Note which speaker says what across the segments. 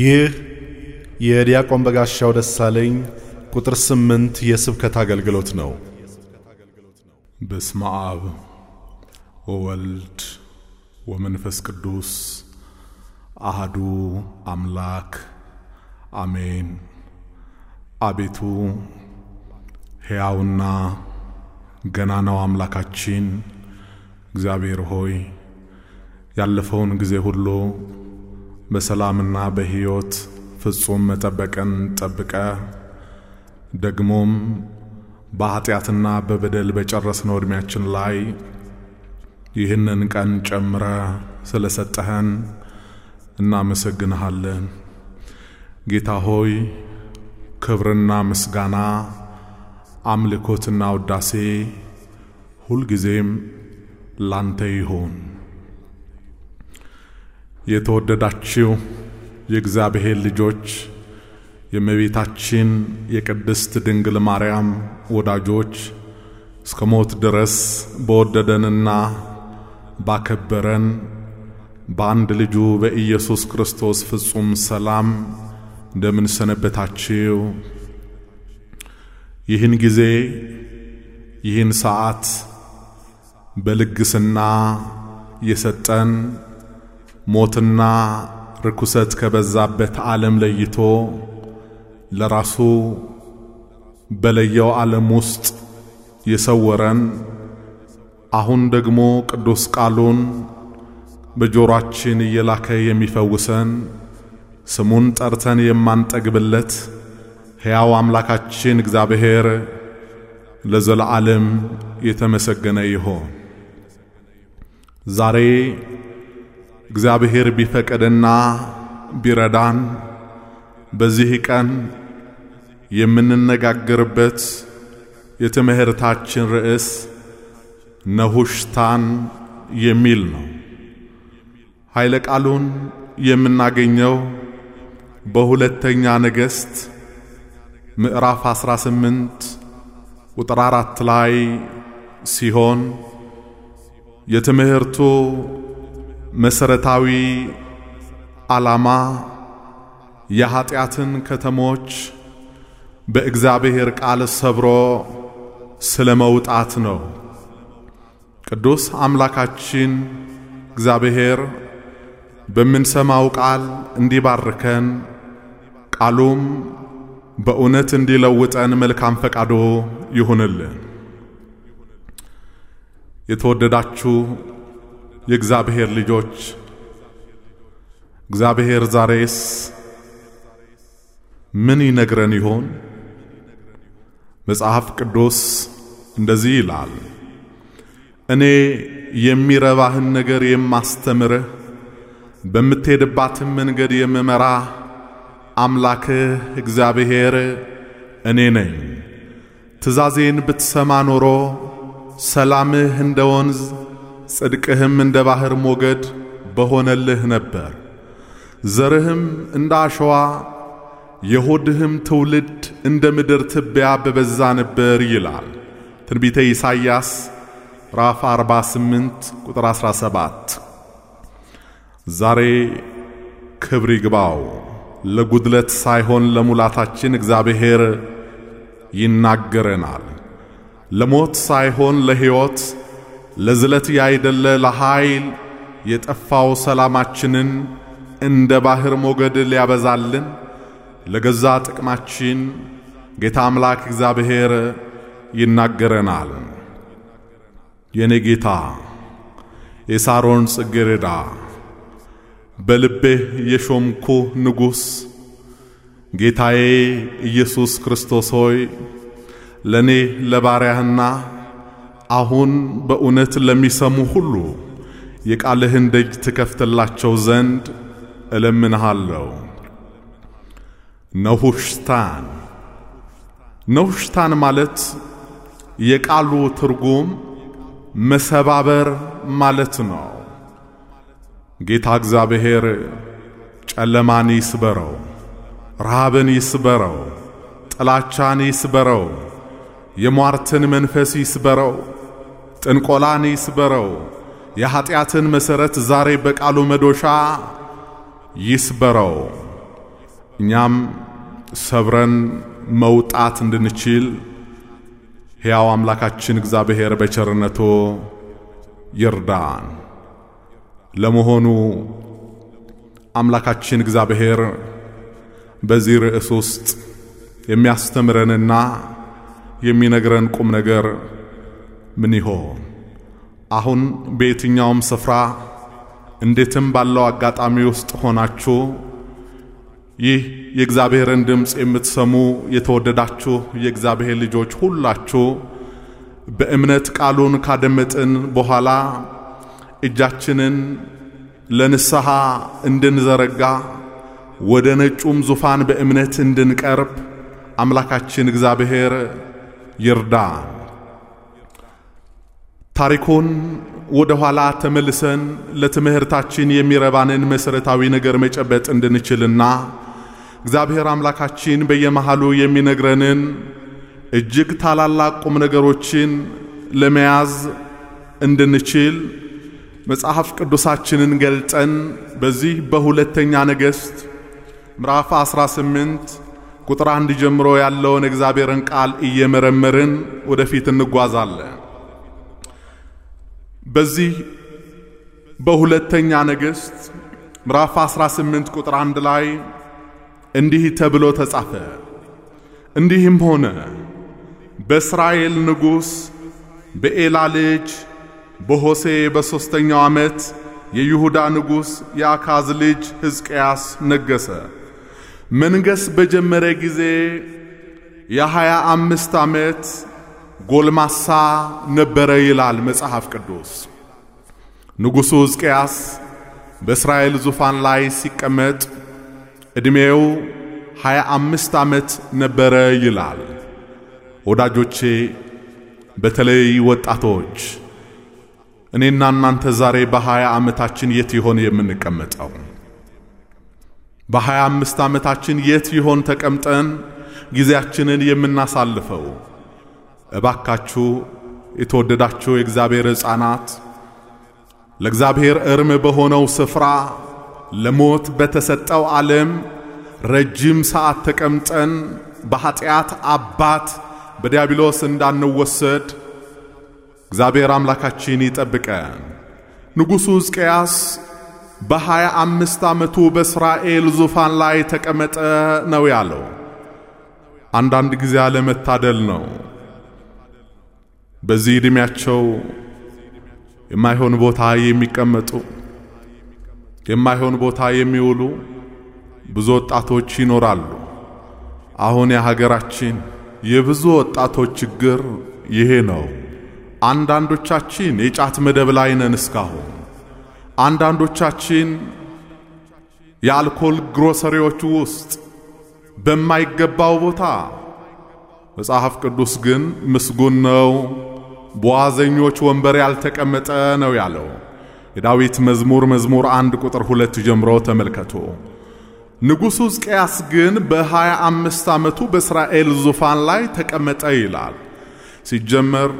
Speaker 1: ይህ የዲያቆን በጋሻው ደሳለኝ ቁጥር ስምንት የስብከት አገልግሎት ነው። በስመ አብ ወወልድ ወመንፈስ ቅዱስ አህዱ አምላክ አሜን። አቤቱ ሕያውና ገናናው አምላካችን እግዚአብሔር ሆይ ያለፈውን ጊዜ ሁሉ በሰላምና በሕይወት ፍጹም መጠበቅን ጠብቀ ደግሞም በኀጢአትና በበደል በጨረስነው ዕድሜያችን ላይ ይህንን ቀን ጨምረ ስለ ሰጠኸን እናመሰግንሃለን። ጌታ ሆይ ክብርና ምስጋና አምልኮትና ውዳሴ ሁልጊዜም ላንተ ይሁን። የተወደዳችሁ የእግዚአብሔር ልጆች የእመቤታችን የቅድስት ድንግል ማርያም ወዳጆች እስከ ሞት ድረስ በወደደንና ባከበረን በአንድ ልጁ በኢየሱስ ክርስቶስ ፍጹም ሰላም እንደምን ሰነበታችሁ? ይህን ጊዜ ይህን ሰዓት በልግስና የሰጠን ሞትና ርኩሰት ከበዛበት ዓለም ለይቶ ለራሱ በለየው ዓለም ውስጥ የሰወረን አሁን ደግሞ ቅዱስ ቃሉን በጆሮአችን እየላከ የሚፈውሰን ስሙን ጠርተን የማንጠግብለት ሕያው አምላካችን እግዚአብሔር ለዘለዓለም የተመሰገነ ይሆን። ዛሬ እግዚአብሔር ቢፈቅድና ቢረዳን በዚህ ቀን የምንነጋገርበት የትምህርታችን ርዕስ ነሁሽታን የሚል ነው። ኃይለ ቃሉን የምናገኘው በሁለተኛ ነገሥት ምዕራፍ 18 ቁጥር 4 ላይ ሲሆን የትምህርቱ መሠረታዊ ዓላማ የኀጢአትን ከተሞች በእግዚአብሔር ቃል ሰብሮ ስለ መውጣት ነው። ቅዱስ አምላካችን እግዚአብሔር በምንሰማው ቃል እንዲባርከን ቃሉም በእውነት እንዲለውጠን መልካም ፈቃዶ ይሁንልን። የተወደዳችሁ የእግዚአብሔር ልጆች እግዚአብሔር ዛሬስ ምን ይነግረን ይሆን? መጽሐፍ ቅዱስ እንደዚህ ይላል፣ እኔ የሚረባህን ነገር የማስተምርህ በምትሄድባትም መንገድ የምመራ አምላክህ እግዚአብሔር እኔ ነኝ። ትእዛዜን ብትሰማ ኖሮ ሰላምህ እንደ ወንዝ ጽድቅህም እንደ ባሕር ሞገድ በሆነልህ ነበር። ዘርህም እንደ አሸዋ የሆድህም ትውልድ እንደ ምድር ትቢያ በበዛ ነበር ይላል ትንቢተ ኢሳይያስ ራፍ 48 ቁጥር 17። ዛሬ ክብር ይግባው ለጉድለት ሳይሆን ለሙላታችን እግዚአብሔር ይናገረናል። ለሞት ሳይሆን ለሕይወት ለዝለት ያይደለ ለኃይል የጠፋው ሰላማችንን እንደ ባህር ሞገድ ሊያበዛልን ለገዛ ጥቅማችን ጌታ አምላክ እግዚአብሔር ይናገረናል። የኔ ጌታ የሳሮን ጽጌረዳ በልቤ የሾምኩ ንጉሥ ጌታዬ ኢየሱስ ክርስቶስ ሆይ ለእኔ ለባሪያህና አሁን በእውነት ለሚሰሙ ሁሉ የቃልህን ደጅ ትከፍትላቸው ዘንድ እለምንሃለሁ። ነሁሽታን ነሁሽታን ማለት የቃሉ ትርጉም መሰባበር ማለት ነው። ጌታ እግዚአብሔር ጨለማን ይስበረው፣ ረሃብን ይስበረው፣ ጥላቻን ይስበረው፣ የሟርትን መንፈስ ይስበረው ጥንቆላን ይስበረው። የኀጢአትን መሠረት ዛሬ በቃሉ መዶሻ ይስበረው። እኛም ሰብረን መውጣት እንድንችል ሕያው አምላካችን እግዚአብሔር በቸርነቶ ይርዳን። ለመሆኑ አምላካችን እግዚአብሔር በዚህ ርዕስ ውስጥ የሚያስተምረንና የሚነግረን ቁም ነገር ምን ይሆን? አሁን በየትኛውም ስፍራ እንዴትም ባለው አጋጣሚ ውስጥ ሆናችሁ ይህ የእግዚአብሔርን ድምፅ የምትሰሙ የተወደዳችሁ የእግዚአብሔር ልጆች ሁላችሁ በእምነት ቃሉን ካደመጥን በኋላ እጃችንን ለንስሐ እንድንዘረጋ ወደ ነጩም ዙፋን በእምነት እንድንቀርብ አምላካችን እግዚአብሔር ይርዳ። ታሪኩን ወደ ኋላ ተመልሰን ለትምህርታችን የሚረባንን መሠረታዊ ነገር መጨበጥ እንድንችልና እግዚአብሔር አምላካችን በየመሃሉ የሚነግረንን እጅግ ታላላቅ ቁም ነገሮችን ለመያዝ እንድንችል መጽሐፍ ቅዱሳችንን ገልጠን በዚህ በሁለተኛ ነገሥት ምዕራፍ 18 ቁጥር አንድ ጀምሮ ያለውን እግዚአብሔርን ቃል እየመረመርን ወደፊት እንጓዛለን። በዚህ በሁለተኛ ነገሥት ምዕራፍ 18 ቁጥር 1 ላይ እንዲህ ተብሎ ተጻፈ። እንዲህም ሆነ በእስራኤል ንጉሥ በኤላ ልጅ በሆሴ በሦስተኛው ዓመት የይሁዳ ንጉሥ የአካዝ ልጅ ሕዝቅያስ ነገሠ። መንገሥ በጀመረ ጊዜ የሀያ አምስት ዓመት ጎልማሳ ነበረ ይላል መጽሐፍ ቅዱስ። ንጉሡ ሕዝቅያስ በእስራኤል ዙፋን ላይ ሲቀመጥ ዕድሜው ሃያ አምስት ዓመት ነበረ ይላል። ወዳጆቼ በተለይ ወጣቶች እኔና እናንተ ዛሬ በሃያ ዓመታችን የት ይሆን የምንቀመጠው? በሃያ አምስት ዓመታችን የት ይሆን ተቀምጠን ጊዜያችንን የምናሳልፈው? እባካችሁ የተወደዳችሁ የእግዚአብሔር ሕፃናት ለእግዚአብሔር እርም በሆነው ስፍራ ለሞት በተሰጠው ዓለም ረጅም ሰዓት ተቀምጠን በኀጢአት አባት በዲያብሎስ እንዳንወሰድ እግዚአብሔር አምላካችን ይጠብቀን። ንጉሡ ሕዝቅያስ በሀያ አምስት ዓመቱ በእስራኤል ዙፋን ላይ ተቀመጠ ነው ያለው። አንዳንድ ጊዜ አለመታደል ነው። በዚህ ዕድሜያቸው የማይሆን ቦታ የሚቀመጡ የማይሆን ቦታ የሚውሉ ብዙ ወጣቶች ይኖራሉ። አሁን የሀገራችን የብዙ ወጣቶች ችግር ይሄ ነው። አንዳንዶቻችን የጫት መደብ ላይ ነን እስካሁን። አንዳንዶቻችን የአልኮል ግሮሰሪዎች ውስጥ በማይገባው ቦታ መጽሐፍ ቅዱስ ግን ምስጉን ነው በዋዘኞች ወንበር ያልተቀመጠ ነው ያለው። የዳዊት መዝሙር መዝሙር አንድ ቁጥር ሁለት ጀምሮ ተመልከቱ። ንጉሡ ሕዝቅያስ ግን በሃያ አምስት ዓመቱ በእስራኤል ዙፋን ላይ ተቀመጠ ይላል። ሲጀመር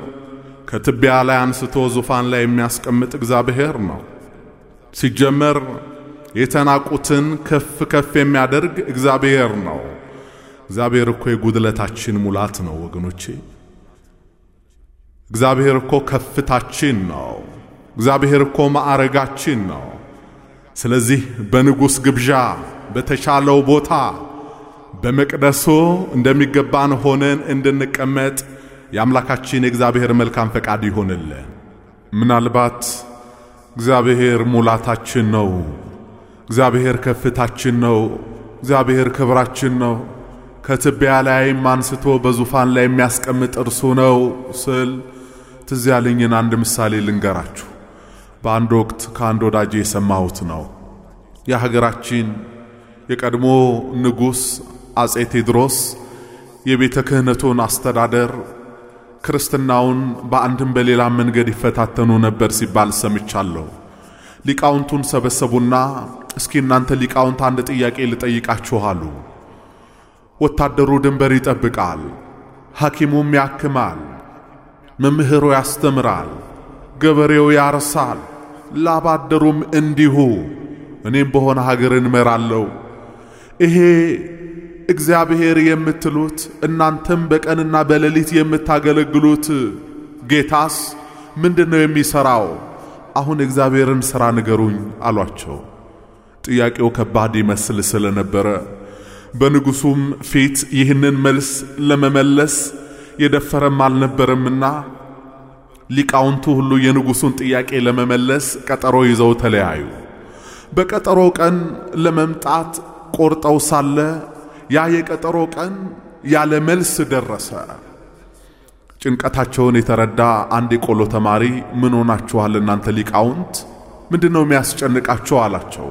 Speaker 1: ከትቢያ ላይ አንስቶ ዙፋን ላይ የሚያስቀምጥ እግዚአብሔር ነው። ሲጀመር የተናቁትን ከፍ ከፍ የሚያደርግ እግዚአብሔር ነው። እግዚአብሔር እኮ የጉድለታችን ሙላት ነው ወገኖቼ። እግዚአብሔር እኮ ከፍታችን ነው። እግዚአብሔር እኮ ማዕረጋችን ነው። ስለዚህ በንጉሥ ግብዣ በተሻለው ቦታ በመቅደሱ እንደሚገባን ሆነን እንድንቀመጥ የአምላካችን የእግዚአብሔር መልካም ፈቃድ ይሆንልን። ምናልባት እግዚአብሔር ሙላታችን ነው፣ እግዚአብሔር ከፍታችን ነው፣ እግዚአብሔር ክብራችን ነው፣ ከትቢያ ላይም አንስቶ በዙፋን ላይ የሚያስቀምጥ እርሱ ነው ስል ትዝ ያለኝን አንድ ምሳሌ ልንገራችሁ። በአንድ ወቅት ከአንድ ወዳጅ የሰማሁት ነው። የሀገራችን የቀድሞ ንጉሥ አጼ ቴዎድሮስ የቤተ ክህነቱን አስተዳደር ክርስትናውን በአንድም በሌላ መንገድ ይፈታተኑ ነበር ሲባል ሰምቻለሁ። ሊቃውንቱን ሰበሰቡና እስኪ እናንተ ሊቃውንት አንድ ጥያቄ ልጠይቃችሁ አሉ። ወታደሩ ድንበር ይጠብቃል፣ ሐኪሙም ያክማል፣ መምህሩ ያስተምራል፣ ገበሬው ያርሳል፣ ላባደሩም እንዲሁ። እኔም በሆነ ሀገር እንመራለሁ። ይሄ እግዚአብሔር የምትሉት እናንተም በቀንና በሌሊት የምታገለግሉት ጌታስ ምንድን ነው የሚሠራው? አሁን እግዚአብሔርን ሥራ ንገሩኝ አሏቸው። ጥያቄው ከባድ ይመስል ስለነበረ በንጉሡም ፊት ይህንን መልስ ለመመለስ የደፈረም አልነበረምና ሊቃውንቱ ሁሉ የንጉሱን ጥያቄ ለመመለስ ቀጠሮ ይዘው ተለያዩ። በቀጠሮ ቀን ለመምጣት ቆርጠው ሳለ ያ የቀጠሮ ቀን ያለ መልስ ደረሰ። ጭንቀታቸውን የተረዳ አንድ የቆሎ ተማሪ ምን ሆናችኋል እናንተ ሊቃውንት ምንድን ነው የሚያስጨንቃቸው? አላቸው።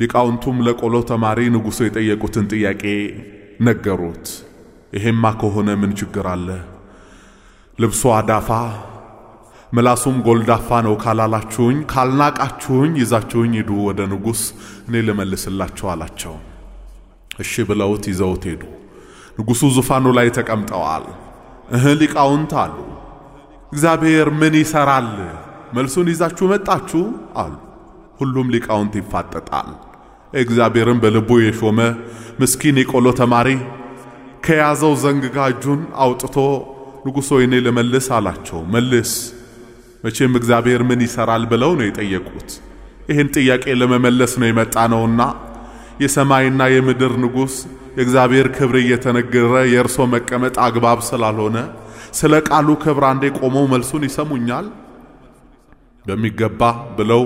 Speaker 1: ሊቃውንቱም ለቆሎ ተማሪ ንጉሡ የጠየቁትን ጥያቄ ነገሩት። ይሄማ ከሆነ ምን ችግር አለ? ልብሱ አዳፋ ምላሱም ጎልዳፋ ነው ካላላችሁኝ፣ ካልናቃችሁኝ ይዛችሁኝ ሂዱ ወደ ንጉሥ፣ እኔ ልመልስላችሁ አላቸው። እሺ ብለውት ይዘውት ሄዱ። ንጉሡ ዙፋኑ ላይ ተቀምጠዋል። እህ ሊቃውንት አሉ፣ እግዚአብሔር ምን ይሰራል? መልሱን ይዛችሁ መጣችሁ አሉ። ሁሉም ሊቃውንት ይፋጠጣል። እግዚአብሔርን በልቡ የሾመ ምስኪን የቆሎ ተማሪ ከያዘው ዘንግ ጋር እጁን አውጥቶ ንጉሥ ወይኔ ልመልስ አላቸው። መልስ መቼም እግዚአብሔር ምን ይሰራል ብለው ነው የጠየቁት። ይህን ጥያቄ ለመመለስ ነው የመጣ ነውና የሰማይና የምድር ንጉሥ የእግዚአብሔር ክብር እየተነገረ የእርሶ መቀመጥ አግባብ ስላልሆነ ስለ ቃሉ ክብር አንዴ ቆመው መልሱን ይሰሙኛል በሚገባ ብለው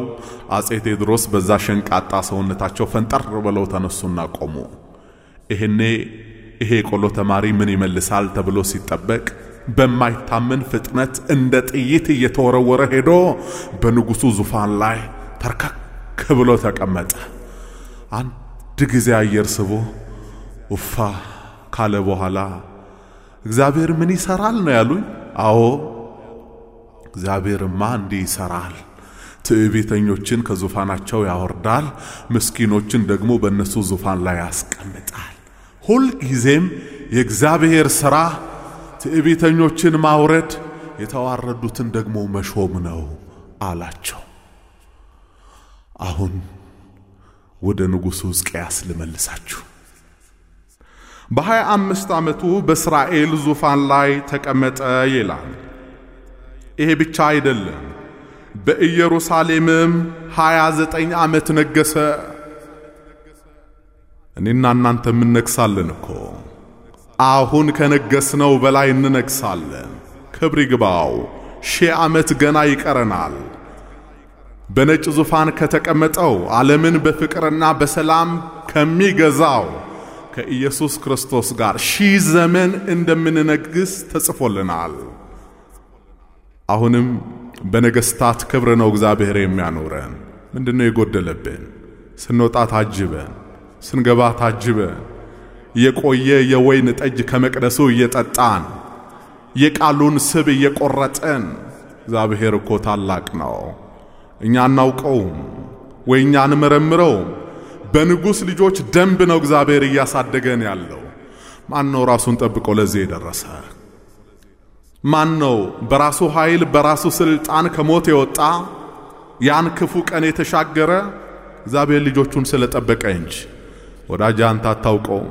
Speaker 1: አጼ ቴዎድሮስ በዛ ሸንቃጣ ሰውነታቸው ፈንጠር ብለው ተነሱና ቆሙ። ይህኔ ይሄ የቆሎ ተማሪ ምን ይመልሳል ተብሎ ሲጠበቅ በማይታመን ፍጥነት እንደ ጥይት እየተወረወረ ሄዶ በንጉሡ ዙፋን ላይ ተርከክ ብሎ ተቀመጠ። አንድ ጊዜ አየር ስቦ ውፋ ካለ በኋላ እግዚአብሔር ምን ይሰራል ነው ያሉኝ። አዎ እግዚአብሔርማ እንዲህ ይሰራል። ትዕቢተኞችን ከዙፋናቸው ያወርዳል፣ ምስኪኖችን ደግሞ በእነሱ ዙፋን ላይ ያስቀምጣል። ሁል ጊዜም የእግዚአብሔር ሥራ ትዕቢተኞችን ማውረድ፣ የተዋረዱትን ደግሞ መሾም ነው አላቸው። አሁን ወደ ንጉሡ ሕዝቅያስ ልመልሳችሁ። በሀያ አምስት ዓመቱ በእስራኤል ዙፋን ላይ ተቀመጠ ይላል። ይሄ ብቻ አይደለም፣ በኢየሩሳሌምም ሀያ ዘጠኝ ዓመት ነገሠ። እኔና እናንተ የምነግሳለን እኮ አሁን ከነገስነው በላይ እንነግሳለን። ክብር ይግባው። ሺህ ዓመት ገና ይቀረናል። በነጭ ዙፋን ከተቀመጠው ዓለምን በፍቅርና በሰላም ከሚገዛው ከኢየሱስ ክርስቶስ ጋር ሺህ ዘመን እንደምንነግስ ተጽፎልናል። አሁንም በነገስታት ክብር ነው እግዚአብሔር የሚያኖረን። ምንድነው የጎደለብን? ስንወጣ ታጅበን ስንገባ ታጅበ የቆየ የወይን ጠጅ ከመቅደሱ እየጠጣን የቃሉን ስብ እየቆረጠን እግዚአብሔር እኮ ታላቅ ነው። እኛ አናውቀውም ወይ እኛ አንመረምረውም። በንጉሥ ልጆች ደንብ ነው እግዚአብሔር እያሳደገን ያለው። ማን ነው ራሱን ጠብቆ ለዚህ የደረሰ? ማን ነው በራሱ ኃይል በራሱ ስልጣን ከሞት የወጣ ያን ክፉ ቀን የተሻገረ? እግዚአብሔር ልጆቹን ስለጠበቀ እንጂ ወዳጅ አንተ አታውቀውም።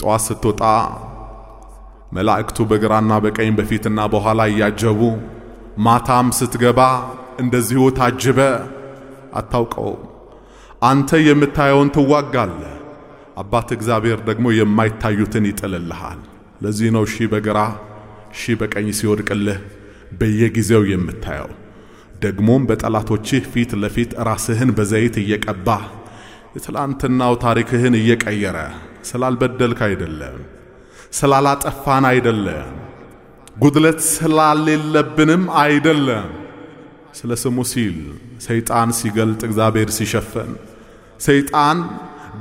Speaker 1: ጠዋት ስትወጣ መላእክቱ በግራና በቀኝ በፊትና በኋላ እያጀቡ፣ ማታም ስትገባ እንደዚሁ ታጅበ አታውቀውም። አንተ የምታየውን ትዋጋለህ፣ አባት እግዚአብሔር ደግሞ የማይታዩትን ይጥልልሃል። ለዚህ ነው ሺህ በግራ ሺህ በቀኝ ሲወድቅልህ በየጊዜው የምታየው ደግሞም በጠላቶችህ ፊት ለፊት ራስህን በዘይት እየቀባህ የትላንትናው ታሪክህን እየቀየረ ስላልበደልክ አይደለም፣ ስላላጠፋን አይደለም፣ ጉድለት ስላሌለብንም አይደለም። ስለ ስሙ ሲል ሰይጣን ሲገልጥ እግዚአብሔር ሲሸፈን፣ ሰይጣን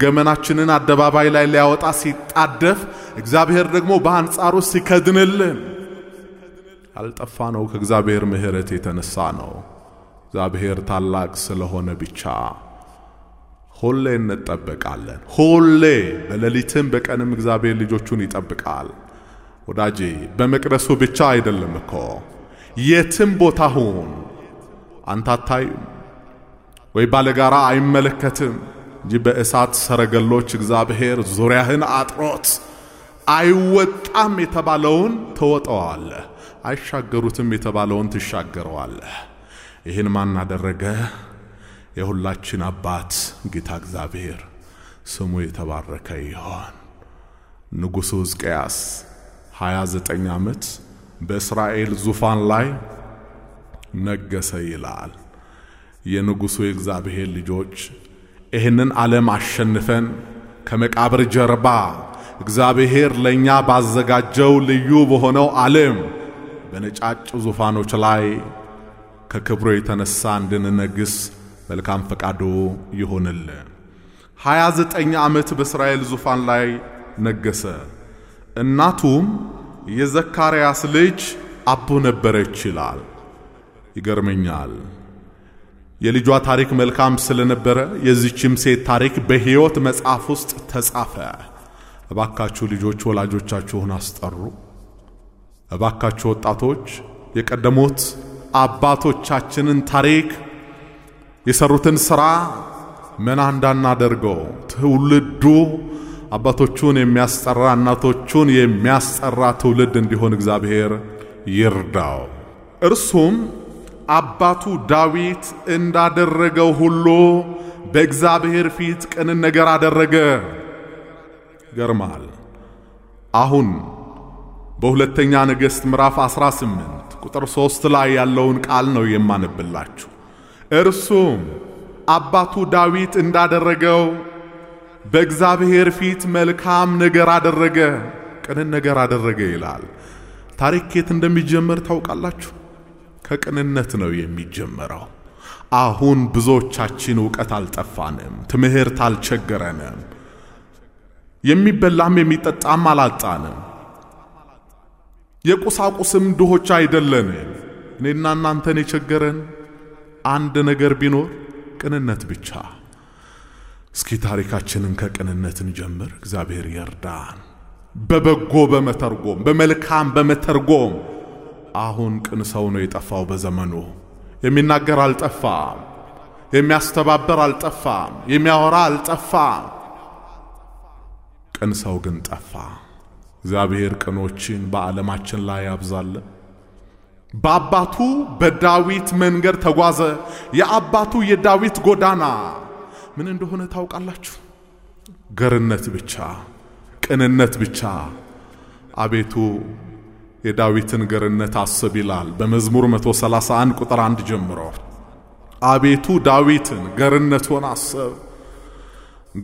Speaker 1: ገመናችንን አደባባይ ላይ ሊያወጣ ሲጣደፍ፣ እግዚአብሔር ደግሞ በአንጻሩ ሲከድንልን ያልጠፋ ነው ከእግዚአብሔር ምሕረት የተነሳ ነው። እግዚአብሔር ታላቅ ስለሆነ ብቻ ሁሌ እንጠበቃለን። ሁሌ በሌሊትም በቀንም እግዚአብሔር ልጆቹን ይጠብቃል። ወዳጄ በመቅደሱ ብቻ አይደለም እኮ የትም ቦታ ሁን አንተ አታይም ወይ ባለጋራ አይመለከትም እንጂ በእሳት ሰረገሎች እግዚአብሔር ዙሪያህን አጥሮት አይወጣም የተባለውን ተወጠዋለህ፣ አይሻገሩትም የተባለውን ትሻገረዋለህ። ይህን ማን አደረገ? የሁላችን አባት ጌታ እግዚአብሔር ስሙ የተባረከ ይሆን። ንጉሡ ሕዝቅያስ 29 ዓመት በእስራኤል ዙፋን ላይ ነገሰ ይላል። የንጉሡ የእግዚአብሔር ልጆች ይህንን ዓለም አሸንፈን ከመቃብር ጀርባ እግዚአብሔር ለእኛ ባዘጋጀው ልዩ በሆነው ዓለም በነጫጭ ዙፋኖች ላይ ከክብሩ የተነሳ እንድንነግስ መልካም ፈቃዱ ይሁንል። 29 ዓመት በእስራኤል ዙፋን ላይ ነገሰ። እናቱም የዘካርያስ ልጅ አቦ ነበረች ይላል። ይገርመኛል። የልጇ ታሪክ መልካም ስለነበረ የዚችም ሴት ታሪክ በሕይወት መጽሐፍ ውስጥ ተጻፈ። እባካችሁ ልጆች ወላጆቻችሁን አስጠሩ። እባካችሁ ወጣቶች የቀደሙት አባቶቻችንን ታሪክ የሰሩትን ስራ መና እንዳናደርገው ትውልዱ አባቶቹን የሚያስጠራ እናቶቹን የሚያስጠራ ትውልድ እንዲሆን እግዚአብሔር ይርዳው። እርሱም አባቱ ዳዊት እንዳደረገው ሁሉ በእግዚአብሔር ፊት ቅንን ነገር አደረገ። ገርማል። አሁን በሁለተኛ ነገሥት ምዕራፍ 18 ቁጥር 3 ላይ ያለውን ቃል ነው የማነብላችሁ። እርሱም አባቱ ዳዊት እንዳደረገው በእግዚአብሔር ፊት መልካም ነገር አደረገ፣ ቅንን ነገር አደረገ ይላል። ታሪክ የት እንደሚጀመር ታውቃላችሁ? ከቅንነት ነው የሚጀመረው። አሁን ብዙዎቻችን እውቀት አልጠፋንም፣ ትምህርት አልቸገረንም፣ የሚበላም የሚጠጣም አላጣንም፣ የቁሳቁስም ድሆች አይደለንም። እኔና እናንተን የቸገረን አንድ ነገር ቢኖር ቅንነት ብቻ። እስኪ ታሪካችንን ከቅንነትን ጀምር። እግዚአብሔር ይርዳን። በበጎ በመተርጎም በመልካም በመተርጎም አሁን ቅን ሰው ነው የጠፋው በዘመኑ። የሚናገር አልጠፋም፣ የሚያስተባበር አልጠፋም፣ የሚያወራ አልጠፋም። ቅን ሰው ግን ጠፋ። እግዚአብሔር ቅኖችን በዓለማችን ላይ ያብዛለን። በአባቱ በዳዊት መንገድ ተጓዘ። የአባቱ የዳዊት ጎዳና ምን እንደሆነ ታውቃላችሁ? ገርነት ብቻ፣ ቅንነት ብቻ። አቤቱ የዳዊትን ገርነት አስብ ይላል በመዝሙር 131 ቁጥር 1 ጀምሮ። አቤቱ ዳዊትን ገርነቱን አስብ።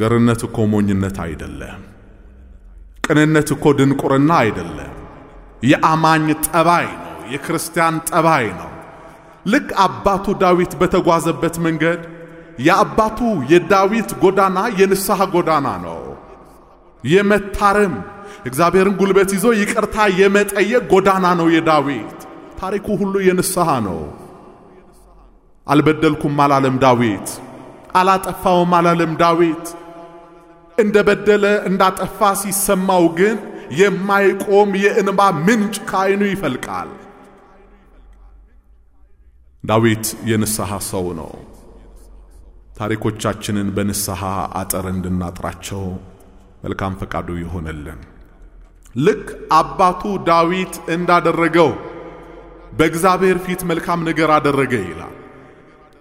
Speaker 1: ገርነት እኮ ሞኝነት አይደለም። ቅንነት እኮ ድንቁርና አይደለም። የአማኝ ጠባይ ነው። የክርስቲያን ጠባይ ነው። ልክ አባቱ ዳዊት በተጓዘበት መንገድ የአባቱ የዳዊት ጎዳና የንስሐ ጎዳና ነው። የመታረም እግዚአብሔርን ጉልበት ይዞ ይቅርታ የመጠየቅ ጎዳና ነው የዳዊት። ታሪኩ ሁሉ የንስሐ ነው። አልበደልኩም አላለም ዳዊት። አላጠፋውም አላለም ዳዊት። እንደ በደለ እንዳጠፋ ሲሰማው ግን የማይቆም የእንባ ምንጭ ከዓይኑ ይፈልቃል። ዳዊት የንስሐ ሰው ነው። ታሪኮቻችንን በንስሐ አጠር እንድናጥራቸው መልካም ፈቃዱ ይሆንልን። ልክ አባቱ ዳዊት እንዳደረገው በእግዚአብሔር ፊት መልካም ነገር አደረገ ይላል።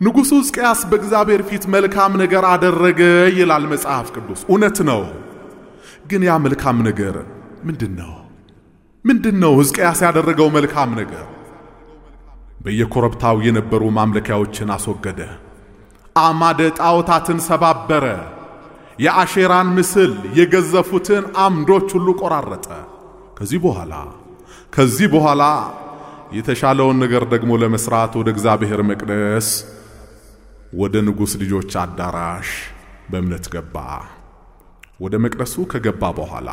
Speaker 1: ንጉሡ ሕዝቅያስ በእግዚአብሔር ፊት መልካም ነገር አደረገ ይላል መጽሐፍ ቅዱስ። እውነት ነው። ግን ያ መልካም ነገር ምንድን ነው? ምንድን ነው ሕዝቅያስ ያደረገው መልካም ነገር? በየኮረብታው የነበሩ ማምለኪያዎችን አስወገደ። አማደ ጣዖታትን ሰባበረ። የአሼራን ምስል የገዘፉትን አምዶች ሁሉ ቆራረጠ። ከዚህ በኋላ ከዚህ በኋላ የተሻለውን ነገር ደግሞ ለመስራት ወደ እግዚአብሔር መቅደስ ወደ ንጉሥ ልጆች አዳራሽ በእምነት ገባ። ወደ መቅደሱ ከገባ በኋላ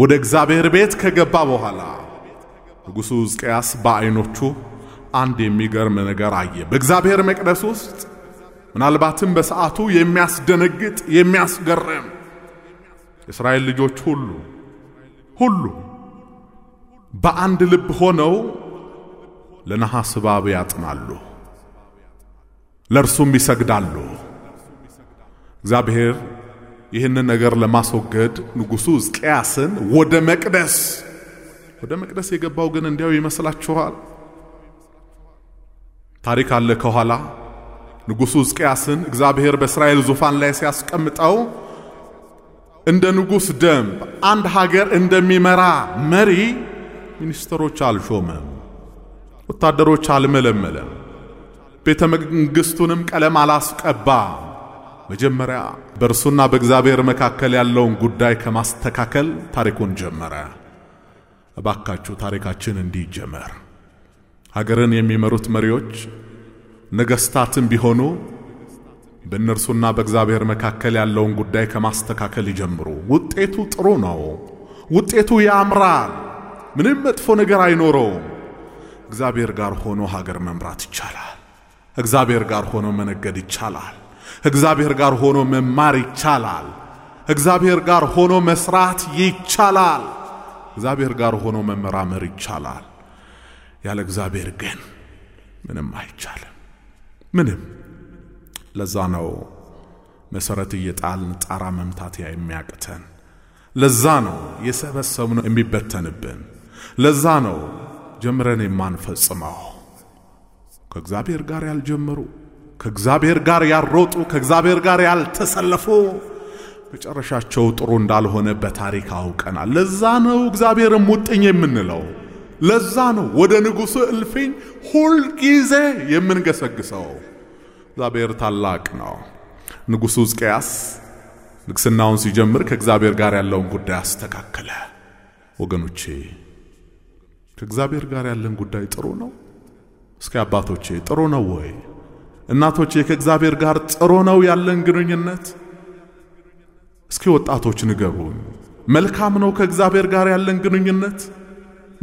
Speaker 1: ወደ እግዚአብሔር ቤት ከገባ በኋላ ንጉሡ ሕዝቅያስ በዐይኖቹ አንድ የሚገርም ነገር አየ። በእግዚአብሔር መቅደስ ውስጥ ምናልባትም በሰዓቱ የሚያስደነግጥ የሚያስገርም እስራኤል ልጆች ሁሉ ሁሉ በአንድ ልብ ሆነው ለነሐስ እባብ ያጥናሉ፣ ለእርሱም ይሰግዳሉ። እግዚአብሔር ይህንን ነገር ለማስወገድ ንጉሡ ሕዝቅያስን ወደ መቅደስ ወደ መቅደስ የገባው ግን እንዲያው ይመስላችኋል? ታሪክ አለ ከኋላ ንጉሡ ሕዝቅያስን እግዚአብሔር በእስራኤል ዙፋን ላይ ሲያስቀምጠው እንደ ንጉሥ ደንብ አንድ ሀገር እንደሚመራ መሪ ሚኒስትሮች አልሾመም፣ ወታደሮች አልመለመለም፣ ቤተ መንግሥቱንም ቀለም አላስቀባም። መጀመሪያ በእርሱና በእግዚአብሔር መካከል ያለውን ጉዳይ ከማስተካከል ታሪኩን ጀመረ። እባካችሁ ታሪካችን እንዲጀመር ሀገርን የሚመሩት መሪዎች ነገስታትም ቢሆኑ በእነርሱና በእግዚአብሔር መካከል ያለውን ጉዳይ ከማስተካከል ይጀምሩ። ውጤቱ ጥሩ ነው። ውጤቱ ያምራል። ምንም መጥፎ ነገር አይኖረውም። እግዚአብሔር ጋር ሆኖ ሀገር መምራት ይቻላል። እግዚአብሔር ጋር ሆኖ መነገድ ይቻላል። እግዚአብሔር ጋር ሆኖ መማር ይቻላል። እግዚአብሔር ጋር ሆኖ መስራት ይቻላል። እግዚአብሔር ጋር ሆኖ መመራመር ይቻላል። ያለ እግዚአብሔር ግን ምንም አይቻልም። ምንም። ለዛ ነው መሰረት እየጣልን ጣራ መምታት የሚያቅተን። ለዛ ነው የሰበሰብነው የሚበተንብን። ለዛ ነው ጀምረን የማንፈጽመው። ከእግዚአብሔር ጋር ያልጀመሩ፣ ከእግዚአብሔር ጋር ያልሮጡ፣ ከእግዚአብሔር ጋር ያልተሰለፉ መጨረሻቸው ጥሩ እንዳልሆነ በታሪክ አውቀናል። ለዛ ነው እግዚአብሔርን ሙጥኝ የምንለው። ለዛ ነው ወደ ንጉሥ እልፍኝ ሁልጊዜ የምንገሰግሰው። እግዚአብሔር ታላቅ ነው። ንጉሡ ሕዝቅያስ ንግሥናውን ሲጀምር ከእግዚአብሔር ጋር ያለውን ጉዳይ አስተካከለ። ወገኖቼ ከእግዚአብሔር ጋር ያለን ጉዳይ ጥሩ ነው። እስኪ አባቶቼ ጥሩ ነው ወይ? እናቶቼ ከእግዚአብሔር ጋር ጥሩ ነው ያለን ግንኙነት? እስኪ ወጣቶች ንገሩን፣ መልካም ነው ከእግዚአብሔር ጋር ያለን ግንኙነት?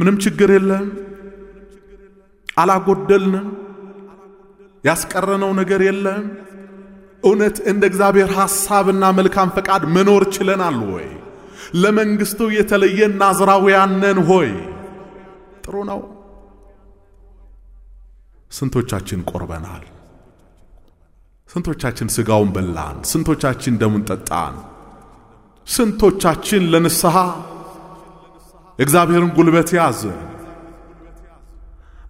Speaker 1: ምንም ችግር የለም፣ አላጎደልንም፣ ያስቀረነው ነገር የለም። እውነት እንደ እግዚአብሔር ሐሳብና መልካም ፈቃድ መኖር ችለናል ወይ? ለመንግሥቱ የተለየ ናዝራውያን ነን ሆይ? ጥሩ ነው። ስንቶቻችን ቆርበናል? ስንቶቻችን ስጋውን በላን? ስንቶቻችን ደሙን ጠጣን? ስንቶቻችን ለንስሐ እግዚአብሔርን ጉልበት ያዘ።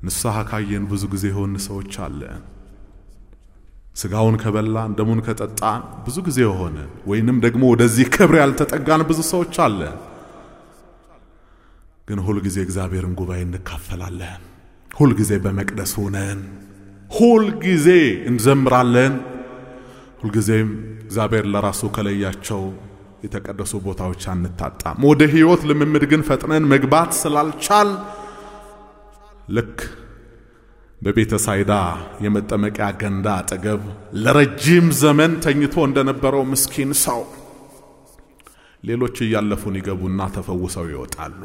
Speaker 1: ንስሐ ካየን ብዙ ጊዜ የሆን ሰዎች አለን። ስጋውን ከበላን ደሙን ከጠጣን ብዙ ጊዜ የሆነ ወይንም ደግሞ ወደዚህ ክብር ያልተጠጋን ብዙ ሰዎች አለን። ግን ሁል ጊዜ እግዚአብሔርን ጉባኤ እንካፈላለን። ሁል ጊዜ በመቅደስ ሆነን ሁል ጊዜ እንዘምራለን። ሁልጊዜም እግዚአብሔር ለራሱ ከለያቸው የተቀደሱ ቦታዎች አንታጣም። ወደ ህይወት ልምምድ ግን ፈጥነን መግባት ስላልቻል ልክ በቤተ ሳይዳ የመጠመቂያ ገንዳ አጠገብ ለረጅም ዘመን ተኝቶ እንደነበረው ምስኪን ሰው ሌሎች እያለፉን ይገቡና ተፈውሰው ይወጣሉ።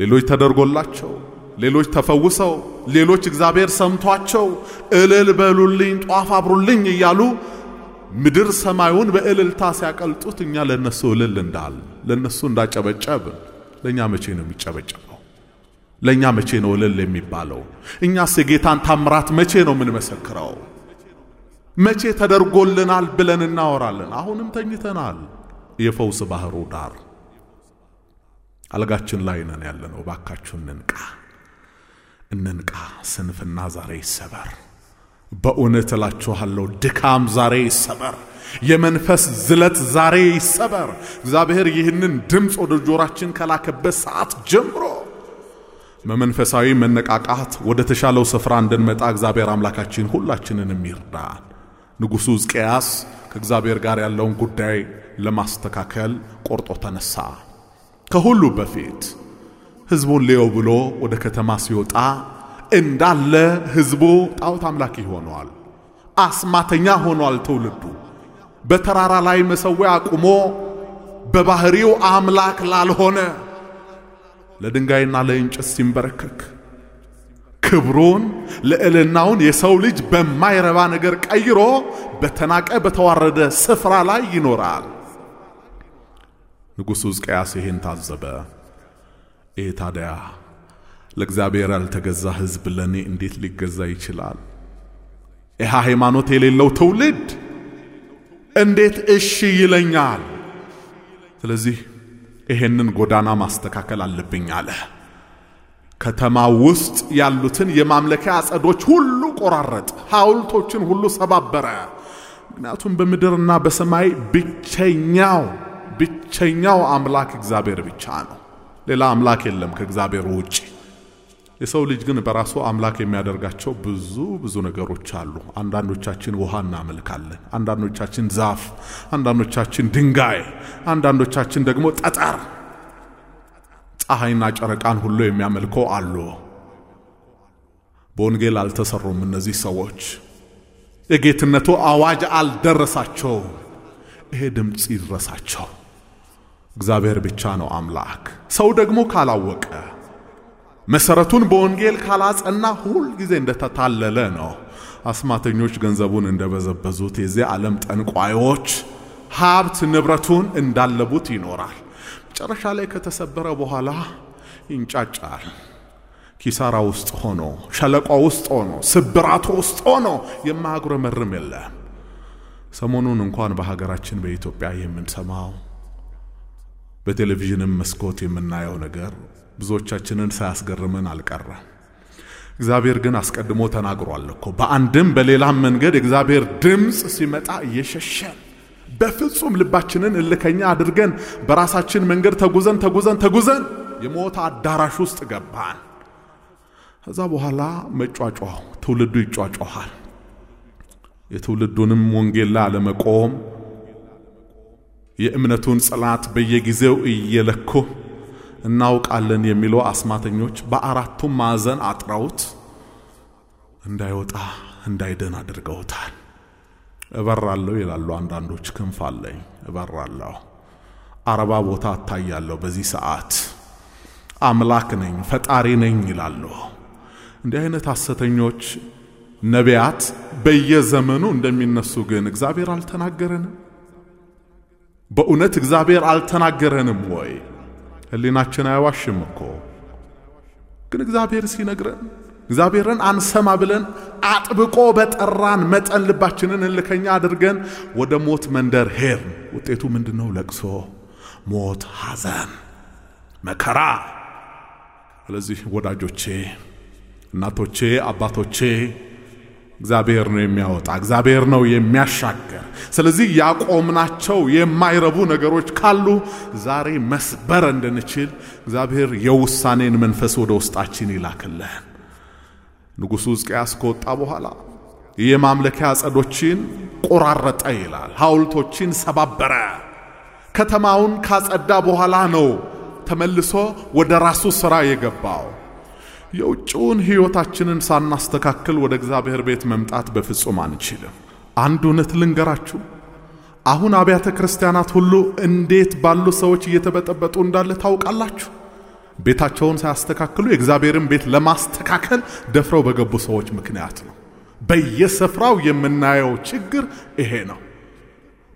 Speaker 1: ሌሎች ተደርጎላቸው፣ ሌሎች ተፈውሰው፣ ሌሎች እግዚአብሔር ሰምቷቸው እልል በሉልኝ፣ ጧፍ አብሩልኝ እያሉ ምድር ሰማዩን በእልልታ ሲያቀልጡት እኛ ለነሱ እልል እንዳል ለነሱ እንዳጨበጨብ ለእኛ መቼ ነው የሚጨበጨበው? ለእኛ መቼ ነው እልል የሚባለው? እኛስ የጌታን ታምራት መቼ ነው የምንመሰክረው? መቼ ተደርጎልናል ብለን እናወራለን? አሁንም ተኝተናል። የፈውስ ባህሩ ዳር አልጋችን ላይ ነን ያለነው። ባካችሁ እንንቃ፣ እንንቃ። ስንፍና ዛሬ ይሰበር። በእውነት እላችኋለሁ ድካም ዛሬ ይሰበር። የመንፈስ ዝለት ዛሬ ይሰበር። እግዚአብሔር ይህንን ድምፅ ወደ ጆራችን ከላከበት ሰዓት ጀምሮ በመንፈሳዊ መነቃቃት ወደ ተሻለው ስፍራ እንድንመጣ እግዚአብሔር አምላካችን ሁላችንንም ይርዳን። ንጉሡ ሕዝቅያስ ከእግዚአብሔር ጋር ያለውን ጉዳይ ለማስተካከል ቆርጦ ተነሳ። ከሁሉ በፊት ሕዝቡን ልየው ብሎ ወደ ከተማ ሲወጣ እንዳለ ህዝቡ ጣዖት አምላኪ ሆኗል። አስማተኛ ሆኗል ትውልዱ። በተራራ ላይ መሠዊያ አቁሞ በባህሪው አምላክ ላልሆነ ለድንጋይና ለእንጨት ሲንበረከክ ክብሩን ልዕልናውን የሰው ልጅ በማይረባ ነገር ቀይሮ በተናቀ በተዋረደ ስፍራ ላይ ይኖራል። ንጉሡ ሕዝቅያስ ይህን ታዘበ። ይህ ታዲያ ለእግዚአብሔር ያልተገዛ ሕዝብ ለእኔ እንዴት ሊገዛ ይችላል? ይህ ሃይማኖት የሌለው ትውልድ እንዴት እሺ ይለኛል? ስለዚህ ይሄንን ጎዳና ማስተካከል አለብኝ አለ። ከተማ ውስጥ ያሉትን የማምለኪያ አጸዶች ሁሉ ቆራረጥ፣ ሐውልቶችን ሁሉ ሰባበረ። ምክንያቱም በምድርና በሰማይ ብቸኛው ብቸኛው አምላክ እግዚአብሔር ብቻ ነው። ሌላ አምላክ የለም ከእግዚአብሔር ውጭ። የሰው ልጅ ግን በራሱ አምላክ የሚያደርጋቸው ብዙ ብዙ ነገሮች አሉ። አንዳንዶቻችን ውሃ እናመልካለን፣ አንዳንዶቻችን ዛፍ፣ አንዳንዶቻችን ድንጋይ፣ አንዳንዶቻችን ደግሞ ጠጠር፣ ፀሐይና ጨረቃን ሁሉ የሚያመልከው አሉ። በወንጌል አልተሰሩም። እነዚህ ሰዎች የጌትነቱ አዋጅ አልደረሳቸው። ይሄ ድምፅ ይድረሳቸው። እግዚአብሔር ብቻ ነው አምላክ። ሰው ደግሞ ካላወቀ መሰረቱን በወንጌል ካላጸና ሁል ጊዜ እንደተታለለ ነው። አስማተኞች ገንዘቡን እንደበዘበዙት የዚህ ዓለም ጠንቋዮች ሀብት ንብረቱን እንዳለቡት ይኖራል። መጨረሻ ላይ ከተሰበረ በኋላ ይንጫጫል። ኪሳራ ውስጥ ሆኖ፣ ሸለቋ ውስጥ ሆኖ፣ ስብራቱ ውስጥ ሆኖ የማያጉረመርም የለም። ሰሞኑን እንኳን በሀገራችን በኢትዮጵያ የምንሰማው በቴሌቪዥንም መስኮት የምናየው ነገር ብዙዎቻችንን ሳያስገርመን አልቀረ። እግዚአብሔር ግን አስቀድሞ ተናግሯል እኮ በአንድም በሌላም መንገድ እግዚአብሔር ድምፅ ሲመጣ እየሸሸን በፍጹም ልባችንን እልከኛ አድርገን በራሳችን መንገድ ተጉዘን ተጉዘን ተጉዘን የሞት አዳራሽ ውስጥ ገባን። ከዛ በኋላ መጫጫው ትውልዱ ይጫጫሃል። የትውልዱንም ላይ አለመቆም የእምነቱን ጽላት በየጊዜው እየለኩ እናውቃለን የሚለው አስማተኞች በአራቱም ማዕዘን አጥረውት እንዳይወጣ እንዳይደን አድርገውታል። እበራለሁ ይላሉ አንዳንዶች፣ ክንፍ አለኝ እበራለሁ፣ አረባ ቦታ እታያለሁ፣ በዚህ ሰዓት አምላክ ነኝ ፈጣሪ ነኝ ይላሉ። እንዲህ አይነት ሐሰተኞች ነቢያት በየዘመኑ እንደሚነሱ ግን እግዚአብሔር አልተናገረንም? በእውነት እግዚአብሔር አልተናገረንም ወይ? ህሊናችን አያዋሽም እኮ። ግን እግዚአብሔር ሲነግረን እግዚአብሔርን አንሰማ ብለን አጥብቆ በጠራን መጠን ልባችንን እልከኛ አድርገን ወደ ሞት መንደር ሄድን። ውጤቱ ምንድነው? ለቅሶ፣ ሞት፣ ሐዘን፣ መከራ። ስለዚህ ወዳጆቼ፣ እናቶቼ፣ አባቶቼ እግዚአብሔር ነው የሚያወጣ፣ እግዚአብሔር ነው የሚያሻገር። ስለዚህ ያቆምናቸው የማይረቡ ነገሮች ካሉ ዛሬ መስበር እንድንችል እግዚአብሔር የውሳኔን መንፈስ ወደ ውስጣችን ይላክልህን። ንጉሡ ሕዝቅያስ ከወጣ በኋላ የማምለኪያ አጸዶችን ቆራረጠ ይላል። ሐውልቶችን ሰባበረ። ከተማውን ካጸዳ በኋላ ነው ተመልሶ ወደ ራሱ ሥራ የገባው። የውጭውን ሕይወታችንን ሳናስተካክል ወደ እግዚአብሔር ቤት መምጣት በፍጹም አንችልም። አንድ እውነት ልንገራችሁ፣ አሁን አብያተ ክርስቲያናት ሁሉ እንዴት ባሉ ሰዎች እየተበጠበጡ እንዳለ ታውቃላችሁ። ቤታቸውን ሳያስተካክሉ የእግዚአብሔርን ቤት ለማስተካከል ደፍረው በገቡ ሰዎች ምክንያት ነው። በየስፍራው የምናየው ችግር ይሄ ነው።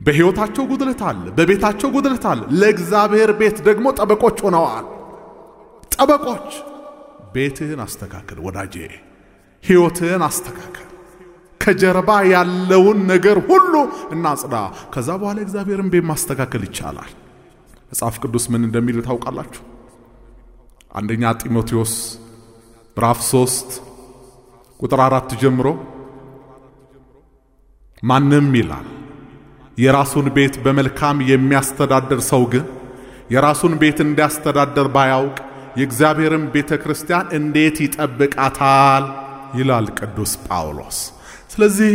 Speaker 1: በሕይወታቸው ጉድለት አለ፣ በቤታቸው ጉድለት አለ። ለእግዚአብሔር ቤት ደግሞ ጠበቆች ሆነዋል። ጠበቆች ቤትህን አስተካከል ወዳጄ፣ ሕይወትህን አስተካከል። ከጀርባ ያለውን ነገር ሁሉ እናጽዳ። ከዛ በኋላ እግዚአብሔርን ቤት ማስተካከል ይቻላል። መጽሐፍ ቅዱስ ምን እንደሚል ታውቃላችሁ? አንደኛ ጢሞቴዎስ ምዕራፍ 3 ቁጥር አራት ጀምሮ ማንም ይላል የራሱን ቤት በመልካም የሚያስተዳድር ሰው ግን የራሱን ቤት እንዲያስተዳድር ባያውቅ የእግዚአብሔርን ቤተ ክርስቲያን እንዴት ይጠብቃታል ይላል ቅዱስ ጳውሎስ። ስለዚህ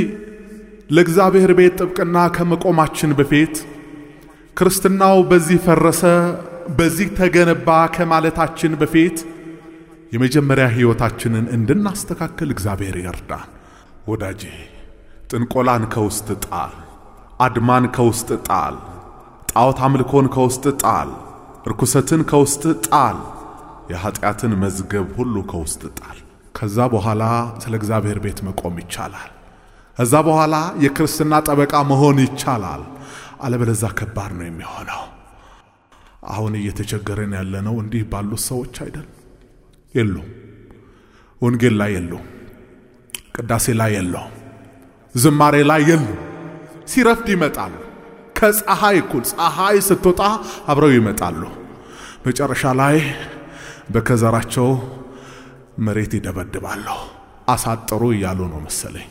Speaker 1: ለእግዚአብሔር ቤት ጥብቅና ከመቆማችን በፊት ክርስትናው በዚህ ፈረሰ፣ በዚህ ተገነባ ከማለታችን በፊት የመጀመሪያ ሕይወታችንን እንድናስተካከል እግዚአብሔር ይርዳን። ወዳጄ ጥንቆላን ከውስጥ ጣል፣ አድማን ከውስጥ ጣል፣ ጣዖት አምልኮን ከውስጥ ጣል፣ ርኩሰትን ከውስጥ ጣል። የኃጢአትን መዝገብ ሁሉ ከውስጥ ጣል። ከዛ በኋላ ስለ እግዚአብሔር ቤት መቆም ይቻላል። ከዛ በኋላ የክርስትና ጠበቃ መሆን ይቻላል። አለበለዛ ከባድ ነው የሚሆነው። አሁን እየተቸገረን ያለነው እንዲህ ባሉት ሰዎች አይደል? የሉም። ወንጌል ላይ የሉም። ቅዳሴ ላይ የለውም። ዝማሬ ላይ የሉም። ሲረፍድ ይመጣሉ። ከፀሐይ እኩል ፀሐይ ስትወጣ አብረው ይመጣሉ። መጨረሻ ላይ በከዘራቸው መሬት ይደበድባለሁ። አሳጥሩ እያሉ ነው መሰለኝ።